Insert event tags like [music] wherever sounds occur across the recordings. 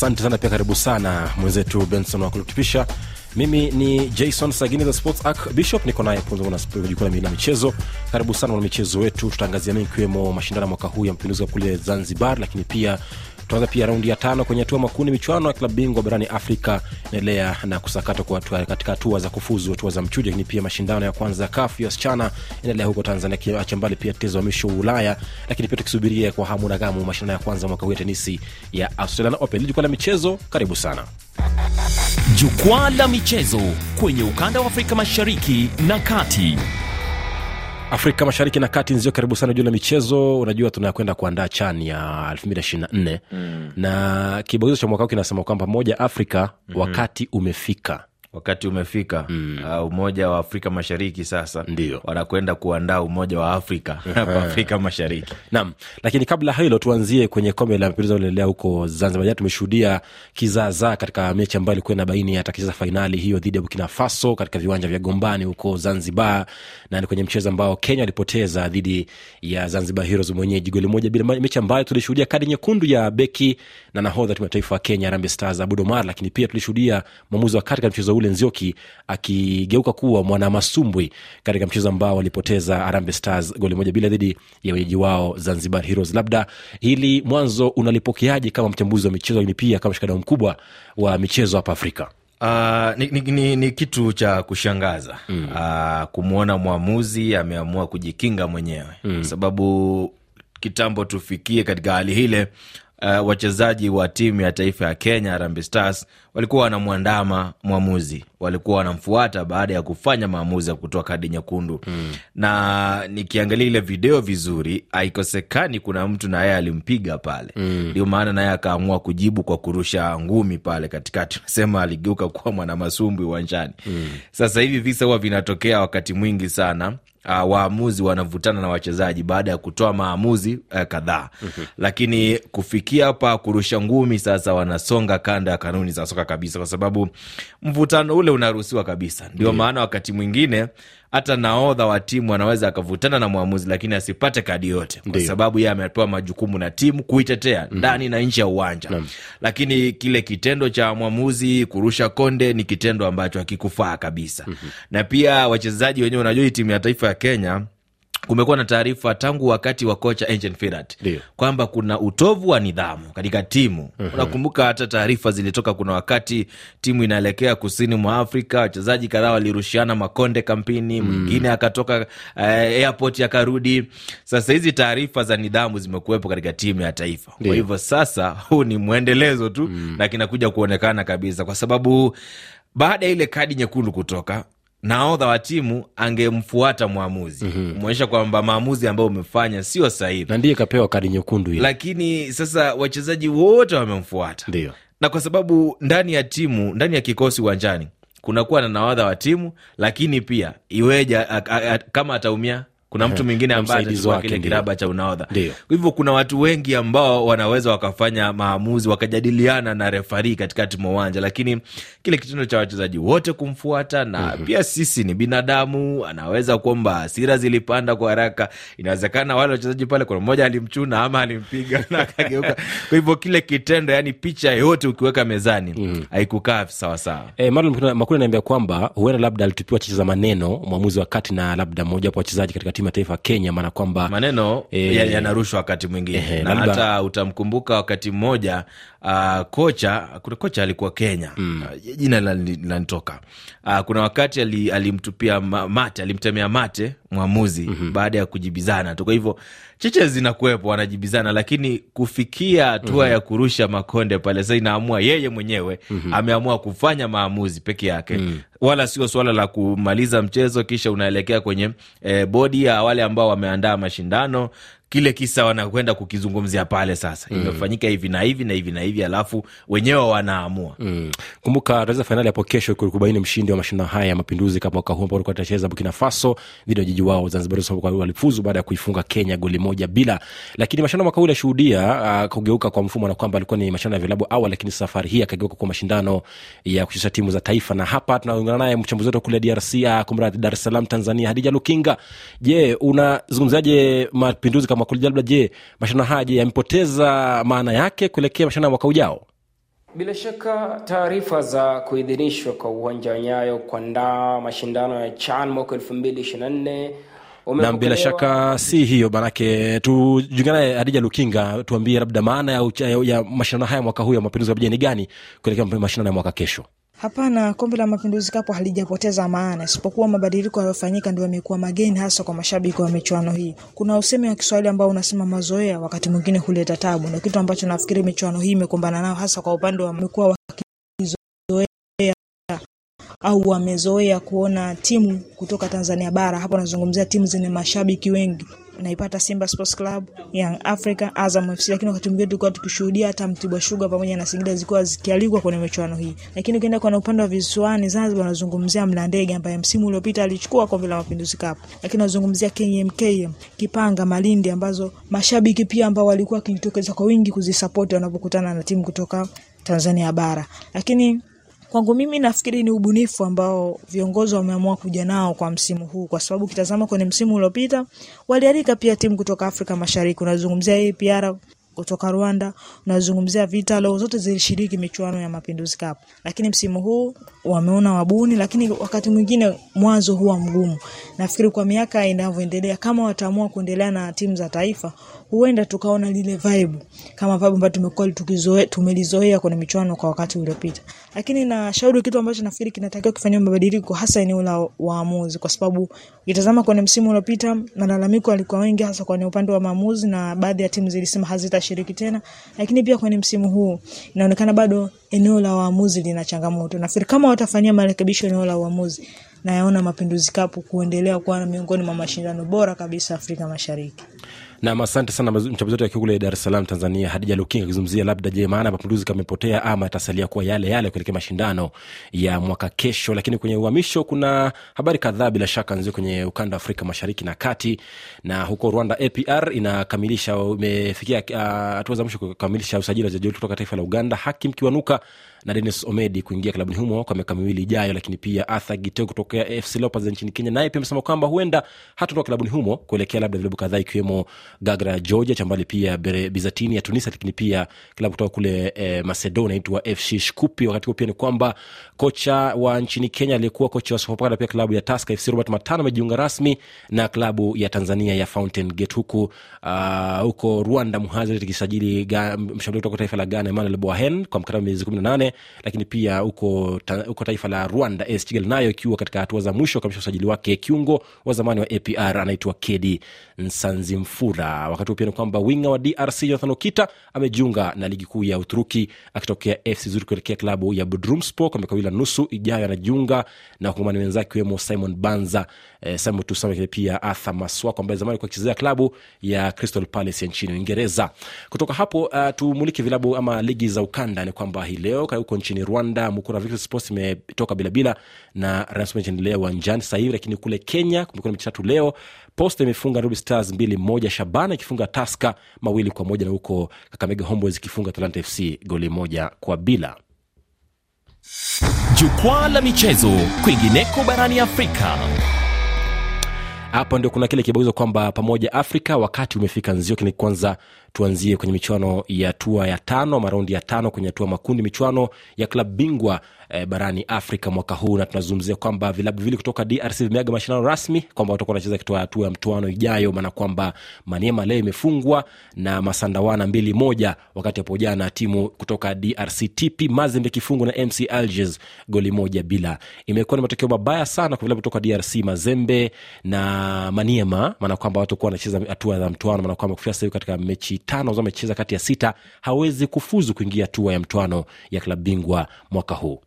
Asante sana pia, karibu sana mwenzetu Benson wa kulutupisha Mimi ni Jason Sagini the Sports Arc Bishop, niko naye jukwaa la michezo. Karibu sana mwana michezo wetu, tutaangazia mengi ikiwemo mashindano ya mwaka huu ya mapinduzi kule Zanzibar, lakini pia tutaanza pia raundi ya tano kwenye hatua makuni michuano ya klabu bingwa barani afrika inaendelea na kusakata katika hatua za kufuzu hatua za mchuja lakini pia mashindano ya kwanza ya kafu ya wasichana inaendelea huko tanzania kiacha mbali pia tetezo wa misho ulaya lakini pia tukisubiria kwa hamu na gamu mashindano ya kwanza mwaka huu ya tenisi ya australian open la michezo karibu sana jukwaa la michezo kwenye ukanda wa afrika mashariki na kati afrika mashariki na kati nzio karibu sana juu la michezo unajua tunakwenda kuandaa chani ya 224 mm. na kibao cha mwaka huu kinasema kwamba moja afrika mm-hmm. wakati umefika wakati umefika mm. Uh, umoja wa Afrika Mashariki sasa ndio wanakwenda kuandaa umoja wa Afrika [laughs] hapa Afrika Mashariki nam. Lakini kabla hilo, tuanzie kwenye kombe la mpira unaendelea huko Zanzibar. Jana tumeshuhudia kizaazaa katika mechi ambayo ilikuwa na baini hata kicheza fainali hiyo dhidi ya Burkina Faso katika viwanja vya Gombani huko Zanzibar, na ni kwenye mchezo ambao Kenya walipoteza dhidi ya Zanzibar Heroes mwenyeji goli moja bila, mechi ambayo tulishuhudia kadi nyekundu ya beki na nahodha timu ya taifa wa Kenya Harambee Stars Abud Omar, lakini pia tulishuhudia mwamuzi wa kati katika mchezo ule Nzioki akigeuka kuwa mwanamasumbwi katika mchezo ambao walipoteza arambe Stars goli moja bila dhidi ya wenyeji wao Zanzibar Heroes. Labda hili mwanzo unalipokeaje kama mchambuzi wa michezo, lakini pia kama shikadao mkubwa wa michezo hapa Afrika? Uh, ni, ni, ni, ni kitu cha kushangaza mm. Uh, ah, kumwona mwamuzi ameamua kujikinga mwenyewe mm. Sababu kitambo tufikie katika hali hile uh, wachezaji wa timu ya taifa ya Kenya Harambee Stars walikuwa wanamwandama mwamuzi, walikuwa wanamfuata baada ya kufanya maamuzi ya kutoa kadi nyekundu mm. Na nikiangalia ile video vizuri, haikosekani kuna mtu naye alimpiga pale, hmm. ndio mm. maana naye akaamua kujibu kwa kurusha ngumi pale katikati, [laughs] nasema aligeuka kuwa mwanamasumbwi uwanjani mm. Sasa hivi visa huwa vinatokea wakati mwingi sana uh, waamuzi wanavutana na wachezaji baada ya kutoa maamuzi uh, kadhaa mm-hmm. Lakini kufikia hapa kurusha ngumi sasa, wanasonga kanda ya kanuni za soka kabisa, kwa sababu mvutano ule unaruhusiwa kabisa. Ndio mm-hmm. maana wakati mwingine hata naodha wa timu anaweza akavutana na mwamuzi lakini asipate kadi yote, kwa sababu yeye amepewa majukumu na timu kuitetea mm -hmm. ndani na nje ya uwanja mm -hmm. Lakini kile kitendo cha mwamuzi kurusha konde ni kitendo ambacho hakikufaa kabisa mm -hmm. na pia wachezaji wenyewe, unajua hii timu ya taifa ya Kenya kumekuwa na taarifa tangu wakati wa kocha Engin Firat kwamba kuna utovu wa nidhamu katika timu. mm -hmm. Unakumbuka hata taarifa zilitoka, kuna wakati timu inaelekea kusini mwa Afrika, wachezaji kadhaa walirushiana makonde kampini, mhm. mwingine mm akatoka uh, airport akarudi. Sasa hizi taarifa za nidhamu zimekuwepo katika timu ya taifa, kwa hivyo sasa [laughs] huu ni mwendelezo tu mm na kinakuja kuonekana kabisa, kwa sababu baada ya ile kadi nyekundu kutoka nahodha wa timu angemfuata mwamuzi mhm. kumwonyesha mm -hmm. kwamba maamuzi ambayo umefanya sio sahihi, na ndiye kapewa kadi nyekundu Lakini sasa wachezaji wote wamemfuata, ndio na kwa sababu ndani ya timu, ndani ya kikosi uwanjani kunakuwa na nawadha wa timu, lakini pia iweja a, a, a, kama ataumia kuna mtu mwingine ambaye atachukua kile kiraba cha unaodha. Kwa hivyo kuna watu wengi ambao wanaweza wakafanya maamuzi wakajadiliana na refari katikati mwa uwanja, lakini kile kitendo cha wachezaji wote kumfuata na mm-hmm. pia sisi ni binadamu, anaweza kwamba hasira zilipanda kwa haraka. Inawezekana wale wachezaji pale, kuna mmoja alimchuna ama alimpiga [laughs] na akageuka. Kwa hivyo kile kitendo, yani picha yote ukiweka mezani mm-hmm. haikukaa sawasawa. E, eh, Marlon Makule anaambia kwamba huenda labda alitupiwa chache za maneno mwamuzi wa kati na labda mmojawapo wachezaji katika timu ya taifa Kenya, maana kwamba maneno e, yanarushwa ya wakati mwingine e, na hata utamkumbuka wakati mmoja uh, kocha kuna kocha alikuwa Kenya mm. uh, jina lanitoka linanitoka uh, kuna wakati alimtupia ali, mate alimtemea mate mwamuzi mm-hmm. baada ya kujibizana tu. Kwa hivyo cheche zinakuwepo, wanajibizana, lakini kufikia hatua mm-hmm. ya kurusha makonde pale, sasa inaamua yeye mwenyewe mm-hmm. ameamua kufanya maamuzi peke yake mm-hmm. wala sio suala la kumaliza mchezo kisha unaelekea kwenye e, bodi ya wale ambao wameandaa mashindano kile kisa wanakwenda kukizungumzia pale sasa mm. imefanyika hivi na hivi na hivi na hivi alafu wenyewe wanaamua mm. kumbuka tunacheza fainali hapo kesho kubaini mshindi wa mashindano haya ya mapinduzi kama mwaka huu ambao likuwa tacheza burkina faso dhidi ya jiji wao zanzibar walifuzu baada ya kuifunga kenya goli moja bila lakini mashindano mwaka huu ilishuhudia uh, ah, kugeuka kwa mfumo na kwamba alikuwa ni mashindano ya vilabu awa lakini safari hii akageuka kuwa mashindano ya kucheza timu za taifa na hapa tunaungana naye mchambuzi wetu kule drc ah, kumradhi dar es salaam tanzania hadija lukinga je unazungumziaje mapinduzi kama mwaka labda je, mashindano haya je, yamepoteza maana yake kuelekea mashindano ya mwaka ujao? Bila shaka taarifa za kuidhinishwa kwa uwanja wa Nyayo kuandaa mashindano ya CHAN mwaka elfu mbili ishirini na nne na bila shaka si hiyo maanake, tujunganaye Hadija Lukinga, tuambie labda maana ya, ya, ya mashindano haya mwaka huu ya mapinduzi ya ni gani kuelekea mashindano ya mwaka kesho. Hapana, kombe la mapinduzi kapo halijapoteza maana, isipokuwa mabadiliko yaliyofanyika ndio yamekuwa mageni, hasa kwa mashabiki wa michuano hii. Kuna usemi wa Kiswahili ambao unasema mazoea wakati mwingine huleta tabu, na kitu ambacho nafikiri michuano hii imekumbana nao, hasa kwa upande wa mekuwa wakizoea au wamezoea kuona timu kutoka Tanzania bara. Hapo nazungumzia timu zenye mashabiki wengi naipata Simba Sports Club, Young Africa, Azam FC, lakini wakati mwingine tulikuwa tukishuhudia hata Mtibwa Sugar pamoja na Singida zilikuwa zikialikwa kwenye michuano hii. Lakini ukienda kwa upande wa visiwani Zanzibar, wanazungumzia Mlandege ambaye msimu uliopita alichukua kombe la Mapinduzi Cup, lakini wanazungumzia KMKM, Kipanga, Malindi ambazo mashabiki pia ambao walikuwa wakijitokeza kwa wingi kuzisapoti wanapokutana na timu kutoka Tanzania bara lakini Kwangu mimi nafikiri ni ubunifu ambao viongozi wameamua kuja nao kwa msimu huu, kwa sababu ukitazama kwenye msimu uliopita walialika pia timu kutoka Afrika Mashariki. Unazungumzia APR kutoka Rwanda, unazungumzia Vitalo, zote zilishiriki michuano ya Mapinduzi kapu lakini msimu huu wameona wabuni, lakini wakati mwingine mwanzo huwa mgumu. Nafikiri kwa miaka inavyoendelea, kama wataamua kuendelea na timu za taifa, huenda tukaona lile vibe kama vibe ambayo tumekuwa tukizoea tumelizoea kwenye michuano kwa wakati uliopita. Lakini na shauri kitu ambacho nafikiri kinatakiwa kufanywa mabadiliko hasa eneo la waamuzi, kwa sababu ukitazama kwenye msimu uliopita malalamiko yalikuwa mengi, hasa kwenye upande wa maamuzi, na baadhi ya timu zilisema hazitashiriki tena. Lakini pia kwenye msimu huu inaonekana bado eneo la waamuzi lina changamoto. Nafikiri kama watafanyia marekebisho eneo la waamuzi, nayaona Mapinduzi Cup kuendelea kuwa miongoni mwa mashindano bora kabisa Afrika Mashariki. Nam, asante sana mchambuzi wetu akiwa kule Dar es Salaam, Tanzania, Hadija Lukinga akizungumzia labda, je, maana mapinduzi kamepotea ama yatasalia kuwa yale yale kuelekea mashindano ya mwaka kesho. Lakini kwenye uhamisho kuna habari kadhaa bila shaka nzio kwenye ukanda wa Afrika mashariki na kati, na huko Rwanda APR inakamilisha imefikia ah, hatua uh, za mwisho kukamilisha usajili wa wachezaji kutoka taifa la Uganda, Hakim Kiwanuka na denis Omedi kuingia klabuni humo kwa miaka miwili ijayo, lakini pia Arthur gite kutokea FC lopez nchini Kenya naye pia amesema kwamba huenda hatotoka klabuni humo kuelekea labda vilabu kadhaa ikiwemo Gagra Georgia, Chambali pia Bizatini ya Tunisia, lakini pia klabu kutoka kule eh, Macedonia inaitwa FC Shkupi. Wakati huo pia ni kwamba kocha wa nchini Kenya aliyekuwa kocha wa Sofapaka pia klabu ya Taska FC Robert Matano amejiunga rasmi na klabu ya Tanzania ya Fountain Gate huku uh, huko Rwanda mhazi ikisajili mshambuli kutoka taifa la Ghana Emmanuel bohen kwa mkataba miezi kumi na nane lakini pia huko ta, taifa la Rwanda AS Kigali nayo ikiwa katika hatua za mwisho kamisha usajili wake kiungo wa zamani wa APR anaitwa Kedi Nsanzimfura. Wakati huo pia ni kwamba winga wa DRC Jonathan Okita amejiunga na ligi kuu ya Uturuki akitokea FC Zurich kuelekea klabu ya Bodrumspor kwa miaka miwili na nusu ijayo. Anajiunga na wakongomani wenzake ikiwemo Simon Banza eh, Samuel Tusame, pia Arthur Maswako ambaye zamani alikuwa akichezea klabu ya Crystal Palace ya nchini Uingereza. Kutoka hapo uh, tumulike vilabu ama ligi za ukanda ni kwamba hii leo huko nchini Rwanda, Mukura Victory Sports imetoka bilabila na Ransome inaendelea uwanjani sasa hivi, lakini kule Kenya kumekuwa na mechi tatu leo. Posta imefunga Ruby Stars mbili moja, Shabana ikifunga Taska mawili kwa moja na huko Kakamega Homeboys ikifunga Talanta FC goli moja kwa bila. Jukwaa la michezo kwingineko barani Afrika. hapo ndio kuna kile kibagizo kwamba pamoja Afrika, wakati umefika nzio kini kwanza tuanzie kwenye michuano ya tua ya tano maraundi ya tano kwenye hatua makundi michuano ya klabu bingwa e, barani Afrika mwaka huu, na tunazungumzia kwamba vilabu viwili kutoka DRC vimeaga mashindano rasmi kwamba watakuwa wanacheza kitoa hatua ya mtuano ijayo, maana kwamba Maniema leo imefungwa na Masandawana mbili moja, wakati hapo jana timu kutoka DRC TP Mazembe kifungu na MC alges goli moja bila. Imekuwa ni matokeo mabaya sana kwa vilabu kutoka DRC Mazembe na Maniema, maana kwamba watakuwa wanacheza hatua za mtuano maana kwamba kufikia sahivi katika mechi tano amecheza kati ya sita hawezi kufuzu kuingia hatua ya mtwano ya klabu bingwa mwaka huu.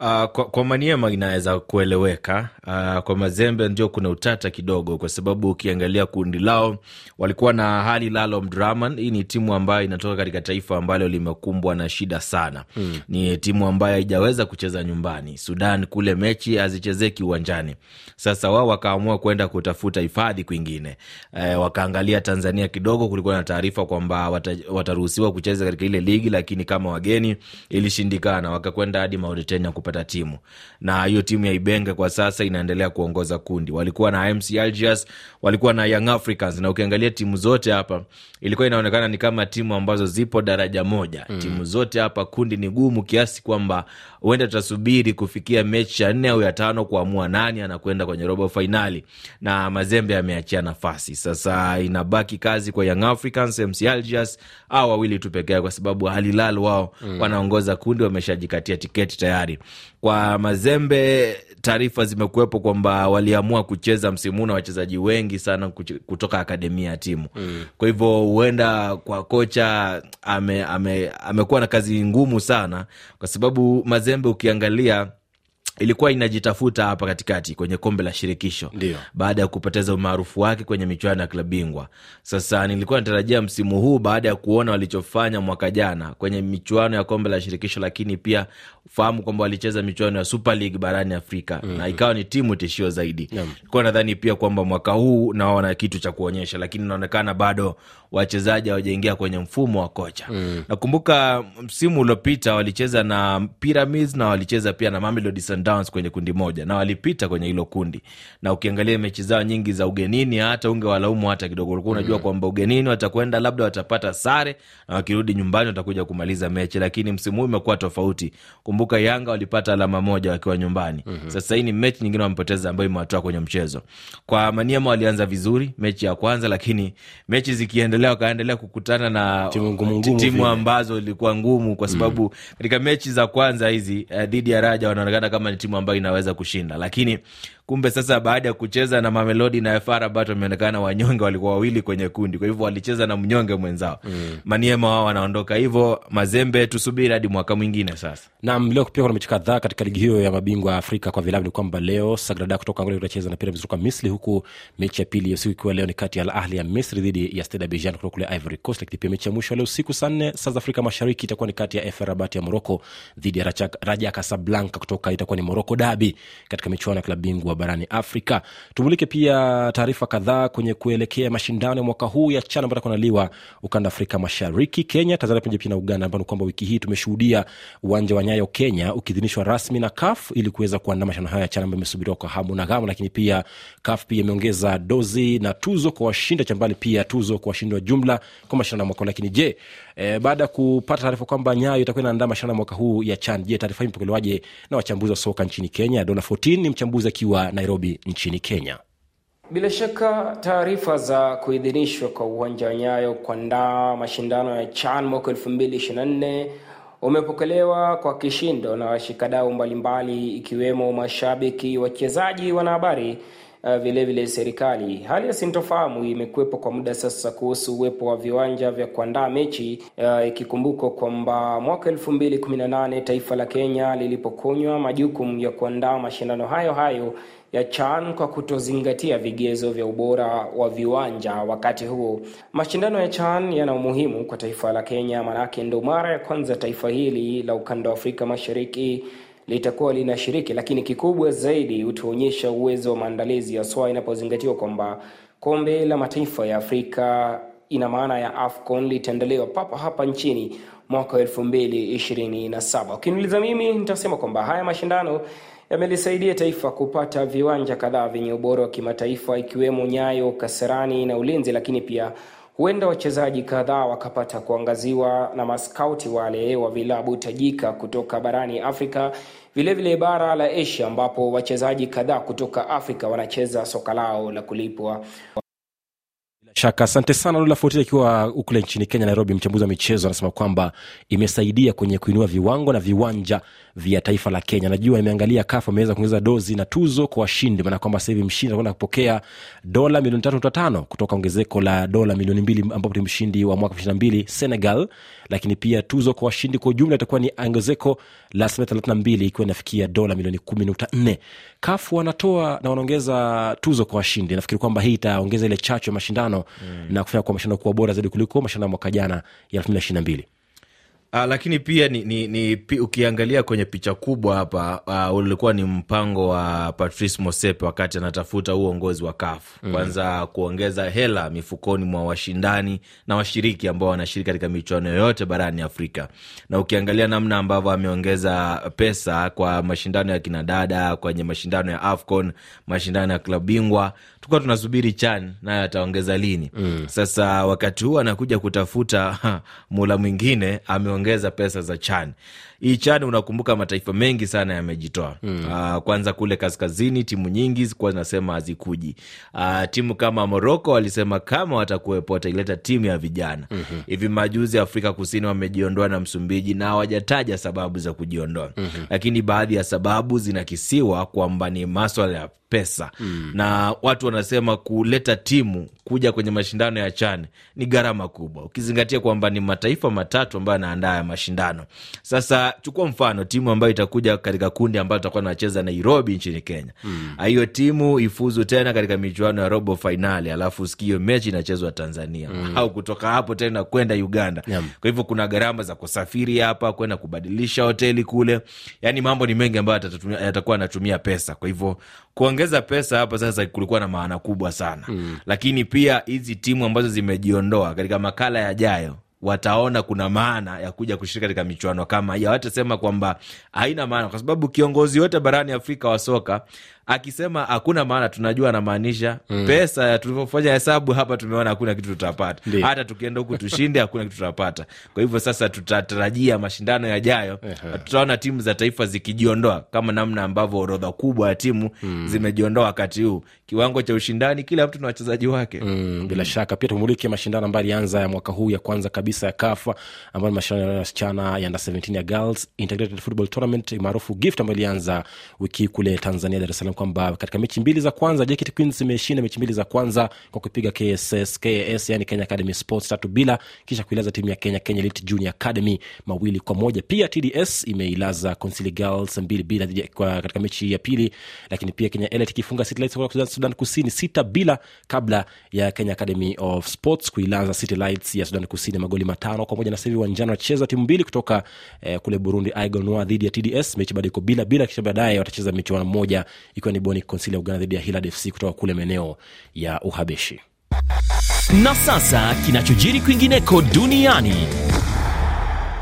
Uh, kwa, kwa Maniema inaweza kueleweka. Uh, kwa Mazembe ndio kuna utata kidogo, kwa sababu ukiangalia kundi lao walikuwa na hali lalo Mdraman. Hii ni timu ambayo inatoka katika taifa ambalo limekumbwa na shida sana hmm. Ni timu ambayo haijaweza kucheza nyumbani. Sudan kule mechi hazichezeki uwanjani. Sasa wao wakaamua kwenda kutafuta hifadhi kwingine. Uh, wakaangalia Tanzania kidogo, kulikuwa na taarifa kwamba wataruhusiwa kucheza katika ile ligi, lakini kama wageni ilishindikana, wakakwenda hadi Mauritania kupata timu, na hiyo timu ya Ibenge kwa sasa inaendelea kuongoza kundi. Walikuwa na MC Algiers, walikuwa na Young Africans, na ukiangalia timu zote hapa ilikuwa inaonekana ni kama timu ambazo zipo daraja moja mm. Timu zote hapa kundi ni gumu kiasi kwamba huenda tutasubiri kufikia mechi ya nne au ya tano kuamua nani anakwenda kwenye robo fainali, na Mazembe ameachia nafasi sasa. Inabaki kazi kwa Young Africans, MC Algiers au wawili tu pekee, kwa sababu Al Hilal wao mm. wanaongoza kundi, wameshajikatia tiketi tayari. Kwa Mazembe, taarifa zimekuwepo kwamba waliamua kucheza msimu na wachezaji wengi sana kutoka akademia ya timu mm. Kwa hivyo huenda kwa kocha ame, ame, amekuwa na kazi ngumu sana, kwa sababu Mazembe ukiangalia ilikuwa inajitafuta hapa katikati kwenye kombe la shirikisho Dio. baada ya kupoteza umaarufu wake kwenye michuano ya klabu bingwa. Sasa nilikuwa natarajia msimu huu baada ya kuona walichofanya mwaka jana kwenye michuano ya kombe la shirikisho, lakini pia fahamu kwamba walicheza michuano ya Super League barani Afrika mm -hmm. na mhm. ikawa ni timu tishio zaidi yeah. kwa nadhani pia kwamba mwaka huu nao wana kitu cha kuonyesha, lakini inaonekana bado wachezaji hawajaingia kwenye mfumo wa kocha mm Nakumbuka msimu uliopita walicheza na Pyramids na walicheza pia na Mamelodi Sundowns Sundowns kwenye kundi moja na walipita kwenye hilo kundi, na ukiangalia mechi zao nyingi za ugenini, hata ungewalaumu hata kidogo. Ulikuwa unajua mm. kwamba ugenini watakwenda labda watapata sare na wakirudi nyumbani watakuja kumaliza mechi, lakini msimu huu imekuwa tofauti. Kumbuka Yanga walipata alama moja wakiwa nyumbani mm -hmm. Sasa hii ni mechi nyingine wamepoteza ambayo imewatoa kwenye mchezo. Kwa Maniema walianza vizuri mechi ya kwanza, lakini mechi zikiendelea wakaendelea kukutana na timu, ngumu, timu ambazo ilikuwa ngumu kwa mm. sababu mm. katika mechi za kwanza hizi eh, dhidi ya Raja wanaonekana kama timu ambayo inaweza kushinda, lakini Kumbe sasa baada ya kucheza na Mamelodi na FAR Rabat wameonekana wanyonge, walikuwa wawili kwenye kundi, kwa hivyo walicheza na mnyonge mwenzao mm. Maniema wao wanaondoka hivyo. Mazembe tusubiri hadi mwaka mwingine sasa. nam leo pia kuna mechi kadhaa katika ligi hiyo ya mabingwa ya Afrika kwa vilabu, ni kwamba leo Sagrada kutoka Angola itacheza na Pyramids kutoka Misri, huku mechi ya pili ya usiku ikiwa leo ni kati ya Al Ahli ya Misri dhidi ya Stade Abidjan kutoka kule Ivory Coast, lakini pia mechi ya mwisho leo usiku saa nne saa za Afrika Mashariki itakuwa ni kati ya FAR Rabat ya Moroko dhidi ya Raja Casablanca kutoka itakuwa ni Moroko dabi katika michuano ya klabu bingwa barani Afrika. Tumulike pia taarifa kadhaa kwenye kuelekea mashindano ya mwaka huu ya CHAN ambayo kuandaliwa ukanda Afrika Mashariki, Kenya, Tanzania pamoja na Uganda, ambao kwamba wiki hii tumeshuhudia uwanja wa Nyayo Kenya ukiidhinishwa rasmi na kaf ili kuweza kuandaa mashindano haya ya CHAN ambayo imesubiriwa kwa hamu na ghamu, lakini pia kaf pia imeongeza dozi na tuzo kwa washinda chambali, pia tuzo kwa washindi wa jumla kwa mashindano ya mwaka. Lakini je, E, baada ya kupata taarifa kwamba Nyayo itakuwa inaandaa mashindano mwaka huu ya CHAN, je, taarifa hii mpokelewaje na wachambuzi wa soka nchini Kenya? Dona 14 ni mchambuzi akiwa Nairobi nchini Kenya. Bila shaka taarifa za kuidhinishwa kwa uwanja wa Nyayo kuandaa mashindano ya CHAN mwaka nne umepokelewa kwa kishindo na washikadau mbalimbali ikiwemo mashabiki, wachezaji, wanahabari vilevile eh, vile serikali. Hali ya sintofahamu imekuwepo kwa muda sasa kuhusu uwepo wa viwanja vya kuandaa mechi eh, ikikumbukwa, uh, kwamba mwaka elfu mbili kumi na nane taifa la Kenya lilipokunywa majukumu ya kuandaa mashindano hayo hayo ya CHAN kwa kutozingatia vigezo vya ubora wa viwanja. Wakati huo mashindano ya CHAN yana umuhimu kwa taifa la Kenya, maanake ndo mara ya kwanza taifa hili la ukanda wa Afrika Mashariki litakuwa linashiriki, lakini kikubwa zaidi utaonyesha uwezo wa maandalizi ya swa inapozingatiwa kwamba kombe la mataifa ya Afrika ina maana ya AFCON litaendelewa papa hapa nchini mwaka wa elfu mbili ishirini na saba. Ukiniuliza mimi nitasema kwamba haya mashindano yamelisaidia taifa kupata viwanja kadhaa vyenye ubora wa kimataifa ikiwemo Nyayo, Kasarani na Ulinzi, lakini pia huenda wachezaji kadhaa wakapata kuangaziwa na maskauti wale wa vilabu tajika kutoka barani Afrika, vilevile vile bara la Asia ambapo wachezaji kadhaa kutoka Afrika wanacheza soka lao la kulipwa shaka. Asante sana Lula Fotile akiwa ukule nchini Kenya, Nairobi, mchambuzi wa michezo, anasema kwamba imesaidia kwenye kuinua viwango na viwanja vya taifa la Kenya. Najua imeangalia kaf ameweza kuongeza dozi na tuzo kwa washindi, maana kwamba sahivi mshindi anakwenda kupokea dola milioni tatu nukta tano kutoka ongezeko la dola milioni mbili ambapo ni mshindi wa mwaka elfu na mbili Senegal, lakini pia tuzo kwa washindi kwa ujumla itakuwa ni ongezeko la asilimia thelathini na mbili ikiwa inafikia dola milioni kumi nukta nne. Kafu wanatoa na wanaongeza tuzo kwa washindi. Nafikiri kwamba hii itaongeza ile chacho ya mashindano mm. na kufanya kwa mashindano kuwa bora zaidi kuliko mashindano ya mwaka jana ya elfu mbili na ishirini na mbili Uh, lakini pia ni, ni, ni pi, ukiangalia kwenye picha kubwa hapa uh, ulikuwa ni mpango wa Patrice Motsepe wakati anatafuta uongozi wa CAF mm. Kwanza kuongeza hela mifukoni mwa washindani na washiriki ambao wanashiriki katika michuano yoyote barani Afrika, na ukiangalia namna ambavyo ameongeza pesa kwa mashindano ya kinadada, kwenye mashindano ya AFCON, mashindano ya klabu bingwa, tulikuwa tunasubiri CHAN naye ataongeza lini mm. Sasa wakati huu anakuja kutafuta [laughs] mula mwingine ame wameongeza pesa za CHAN hii chani unakumbuka mataifa mengi sana yamejitoa mm. uh, kwanza kule kaskazini timu nyingi zikuwa zinasema hazikuji uh, timu kama moroko walisema kama watakuwepo wataileta timu ya vijana hivi. mm-hmm. hivi majuzi afrika kusini wamejiondoa na msumbiji na hawajataja sababu za kujiondoa mm-hmm. lakini baadhi ya sababu zinakisiwa kwamba ni maswala ya pesa mm. na watu wanasema kuleta timu kuja kwenye mashindano ya CHAN ni gharama kubwa, ukizingatia kwamba ni mataifa matatu ambayo yanaandaa ya mashindano. Sasa uh, chukua mfano timu ambayo itakuja katika kundi ambayo tutakuwa tunacheza Nairobi nchini Kenya. Hiyo hmm. mm. timu ifuzu tena katika michuano ya robo fainali, alafu sikio mechi inachezwa Tanzania mm. au kutoka hapo tena kwenda Uganda yeah. Kwa hivyo kuna gharama za kusafiri hapa kwenda kubadilisha hoteli kule, yani mambo ni mengi ambayo yatakuwa anatumia pesa. Kwa hivyo kuongeza pesa hapa sasa kulikuwa na maana kubwa sana mm. Lakini pia hizi timu ambazo zimejiondoa katika makala yajayo wataona kuna maana ya kuja kushiriki katika michuano kama hii. Hawatasema kwamba haina maana, kwa sababu kiongozi wote barani Afrika wa soka akisema hakuna maana, tunajua anamaanisha mm. pesa. Tulivyofanya hesabu hapa, tumeona hakuna kitu tutapata Ndi. hata tukienda huku tushinde hakuna kitu tutapata. Kwa hivyo sasa tutatarajia mashindano yajayo, tutaona timu za taifa zikijiondoa kama namna ambavyo orodha kubwa ya timu mm. zimejiondoa wakati huu. Kiwango cha ushindani, kila mtu na wachezaji wake mm. bila shaka pia tumulike mashindano ambayo alianza ya mwaka huu ya kwanza kabisa ya KAFA ambayo ni mashindano ya wasichana ya under 17 ya Girls Integrated Football Tournament maarufu GIFT ambayo ilianza wiki kule Tanzania, Dar es Salaam kwamba katika mechi mbili za kwanza JKT Queens imeshinda mechi mbili za kwanza kwa kupiga KSS, KAS yani Kenya Academy Sports tatu bila, kisha kuilaza timu ya Kenya Kenya Elite Junior Academy mawili kwa moja. Pia TDS imeilaza Consili Girls mbili bila kwa katika mechi ya pili, lakini pia Kenya Elite ikifunga City Lights kutoka Sudan Kusini sita bila, kabla ya Kenya Academy of Sports kuilaza City Lights ya Sudan Kusini magoli matano kwa moja. Na sasa hivi uwanjani wanacheza timu mbili kutoka eh, kule Burundi Aigle Noir dhidi ya TDS, mechi bado iko bila bila, kisha baadaye watacheza mechi moja ikiwa ikiwa ni boni konsili ya Uganda dhidi ya Hilal FC kutoka kule maeneo ya Uhabeshi. Na sasa kinachojiri kwingineko duniani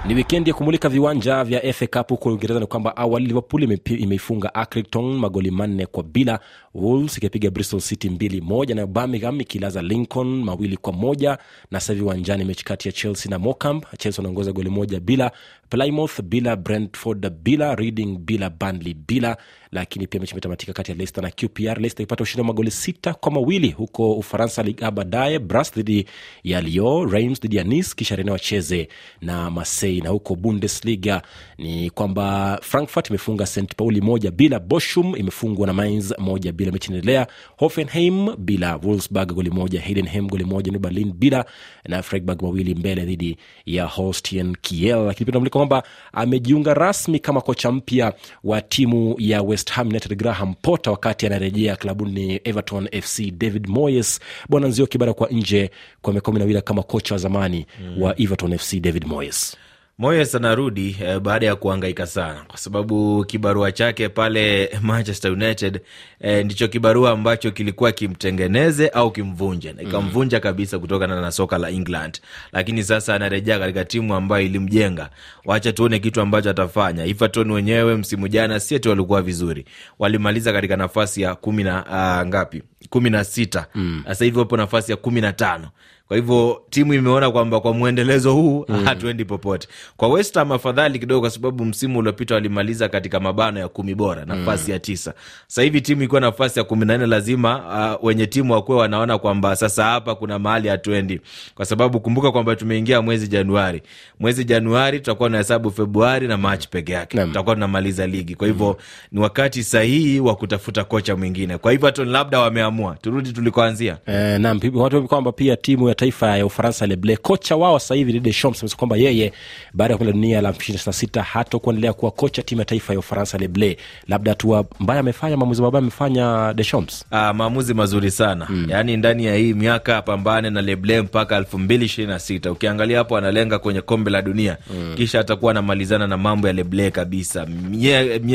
ni wikendi ya kumulika viwanja vya FA Cup huko Uingereza. Ni kwamba awali Liverpool imeifunga acrington magoli manne kwa bila, wols ikipiga Bristol City mbili moja, nayo Birmingham ikilaza Lincoln mawili kwa moja. Na sasa viwanjani mechi kati ya Chelsea na mocamp Chelsea wanaongoza goli moja bila, Plymouth bila Brentford bila Reading bila banly bila. Lakini pia mechi imetamatika kati ya leste na QPR, leste ikipata ushindi wa magoli sita kwa mawili huko Ufaransa. Ligue baadaye bras dhidi ya lio rams dhidi ya nis kisha rene wacheze na masei Na huko Bundesliga ni kwamba Frankfurt imefunga St Pauli moja bila, boshum imefungwa na mins moja bila, mechi inaendelea. Hoffenheim bila, Wolfsburg goli moja, Heidenheim goli moja, ni Berlin bila na Freiburg mawili mbele dhidi ya Holstein Kiel. Lakini pia kwamba amejiunga rasmi kama kocha mpya wa timu ya West Ham United Graham Potter wakati anarejea klabuni Everton FC. David Moyes bwana Nzioki baada kwa nje kwa miaka kumi na miwili kama kocha wa zamani mm. wa Everton FC David Moyes Moyes anarudi eh, baada ya kuangaika sana, kwa sababu kibarua chake pale Manchester United eh, ndicho kibarua ambacho kilikuwa kimtengeneze au kimvunje, na ikamvunja kabisa kutokana na soka la England. Lakini sasa anarejea katika timu ambayo ilimjenga. Wacha tuone kitu ambacho atafanya. Everton wenyewe msimu jana sie tu walikuwa vizuri, walimaliza katika nafasi ya kumi na uh, ngapi, kumi na sita. Mm. Sasa hivi wapo nafasi ya kumi na tano. Kwa hivyo timu imeona kwamba kwa mwendelezo huu mm. hatuendi popote. Kwa westam afadhali kidogo, kwa sababu msimu uliopita walimaliza katika mabano ya kumi bora, mm. nafasi mm. ya tisa. sahivi timu ikiwa nafasi ya kumi na nne lazima uh, wenye timu wakuwe wanaona kwamba sasa hapa kuna mahali hatuendi, kwa sababu kumbuka kwamba tumeingia mwezi Januari. Mwezi Januari tutakuwa na hesabu Februari na Machi peke yake, tutakuwa tunamaliza ligi. Kwa hivyo mm. ni wakati sahihi wa kutafuta kocha mwingine. Kwa hivyo labda wameamua turudi tulikoanzia. Eh, naam, watu kwamba pia timu ya taifa ya Ufaransa Leble. Kocha wao sasa hivi Deschamps amesema kwamba yeye baada ya kombe la dunia la elfu mbili na sita hatakuendelea kuwa kocha timu ya taifa ya Ufaransa Leble. Labda hatua mbaya amefanya, maamuzi mabaya amefanya Deschamps. Ah, maamuzi mazuri sana mm. Yaani ndani ya hii miaka apambane na Leble mpaka elfu mbili ishirini na sita. Ukiangalia hapo analenga kwenye kombe la dunia mm. Kisha atakuwa anamalizana na mambo ya Leble kabisa,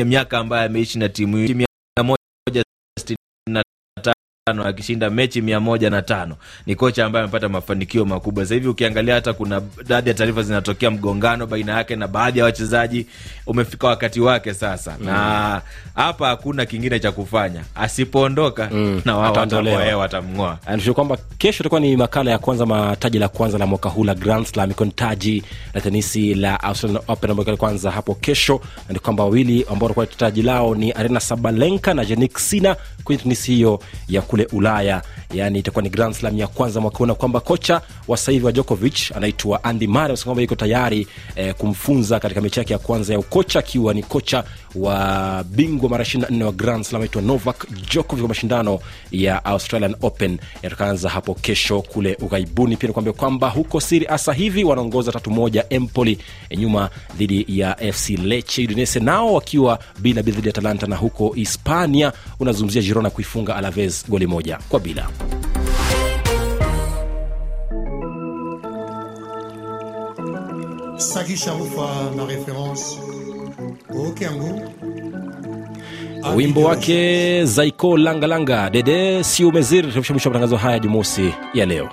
miaka ambayo ameishi na timu hii akishinda mechi mia moja na tano ni kocha ambaye amepata mafanikio makubwa. Sasa hivi ukiangalia, hata kuna baadhi ya taarifa zinatokea mgongano baina yake na baadhi ya wachezaji. Umefika wakati wake sasa, mm. na hapa hakuna kingine cha kufanya, asipoondoka mm. na wao watamng'oa. Kwamba kesho itakuwa ni makala ya kwanza, mataji la kwanza la mwaka huu la Grand Slam, ikiwa ni taji la tenisi la Australian Open ambao kwanza hapo kesho, na ni kwamba wawili ambao watakuwa taji lao ni Arena Sabalenka na Jannik Sinner kwenye tenisi hiyo ya kule Ulaya, yani itakuwa ni Grand Slam ya kwanza mwaka huu, na kwamba kocha wa sasa hivi wa Djokovic anaitwa Andy Murray kwamba yuko tayari eh, kumfunza katika mechi yake ya kwanza ya ukocha akiwa ni kocha wa bingwa mara 24 wa Grand Slam aitwa Novak Djokovic kwa mashindano ya Australian Open yatakaanza hapo kesho kule ughaibuni. Pia nikuambia kwamba huko Siri Asa hivi wanaongoza tatu moja Empoli eh, nyuma dhidi ya FC leche Udinese nao wakiwa bila bila dhidi ya talanta na huko Hispania unazungumzia Girona kuifunga Alaves goli moja kwa bila. ma référence wimbo wake Zaiko Langalanga Dede Siumezir. Tunakusha matangazo haya jumosi ya leo.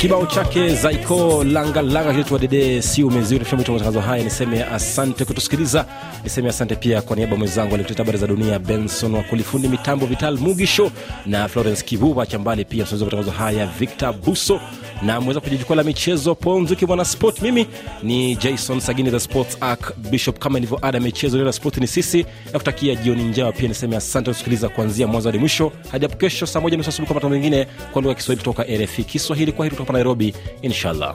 kibao chake Zaiko Langalanga kilitua dede si umeziwa mwito matangazo haya. Niseme asante kutusikiliza, niseme asante pia kwa niaba mwenzangu alikuteta habari za dunia Benson wa kulifundi mitambo Vital Mugisho na Florence Kibuba Chambali, pia msimamizi wa matangazo haya Victor Buso na mweza kwenye jukwaa la michezo paul mzuki mwana sport mimi ni jason sagini the sports arc bishop kama ilivyoada michezo leo la sport ni sisi na kutakia jioni njema pia niseme asante kusikiliza kuanzia mwanzo hadi mwisho hadi hapo kesho saa moja nusu asubuhi kwa matangazo mengine kwa lugha ya kiswahili kutoka rf kiswahili kwa hili kutoka nairobi inshallah